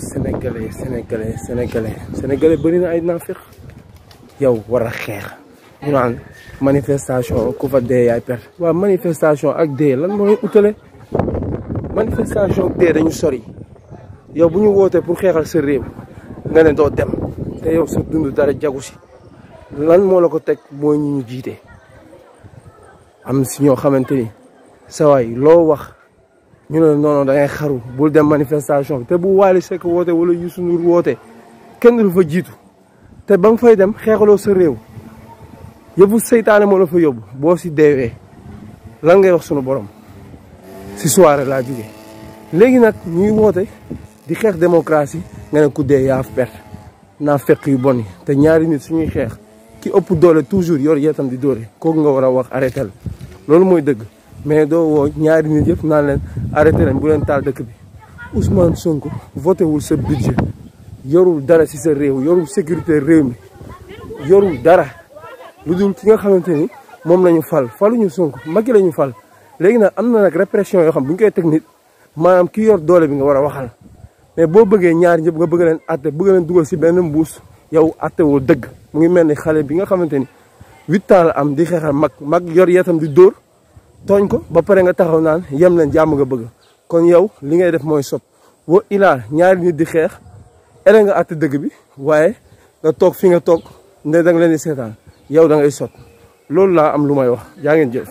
sénégalais sénégalais sénégalais sénégalais bëri na ay naafeq yow war a xeex ñu naan manifestation ku fa dee yaay perte waaw manifestation ak dee lan mooy utale manifestation ak dee dañu sori yow bu ñu wootee pour xeex ak sa réew nga ne doo dem te yow sa dund dara jagu si lan moo la ko teg mooy ñu jiite am si ñoo xamante ni loo wax ñu ne non non da ngay xaru bul dem manifestation te bu Wally Seck woote wala Youssou Ndour woote kenn du fa jiitu te ba nga fay dem xeexaloo sa réew yëfu seytaane moo la fa yóbbu boo si deewee lan ngay wax sunu borom si soirée laa jóge léegi nag ñuy woote di xeex démocratie nga ne ku dee yaaf perte naa fekk yu bon yi te ñaari nit suñuy xeex ki ëpp doole toujours yor yeetam di dóore kooku nga war a wax arrêtel loolu mooy dëgg mais doo woo ñaari nit jëf naan leen arrêté leen bu leen taal dëkk bi Ousmane Sonko voté wul sa budget yorul dara si sa réew yorul sécurité réew mi yorul dara lu dul ki nga xamante ni moom la ñu fal faluñu Sonko Macky la ñu fal. léegi nag am na nag répression yoo xam bu ñu koy teg nit maanaam ki yor doole bi nga war a waxal mais boo bëggee ñaari ñëpp nga bëgg leen atte bëgg leen dugal si benn mbuus yow ate wul dëgg mu ngi mel ni xale bi nga xamante ni huit ans la am di xeexal mag mag yor yetam di dóor. tooñ ko ba pare nga taxaw naan yem leen jàmm nga bëgg kon yow li ngay def mooy sob wa ilaa ñaari nit di xeex ere nga àtt dëgg bi waaye nga toog fi nga toog ne da leen di seetaan yow da ngay sot loolu laa am lu may wax yaa ngeen jëf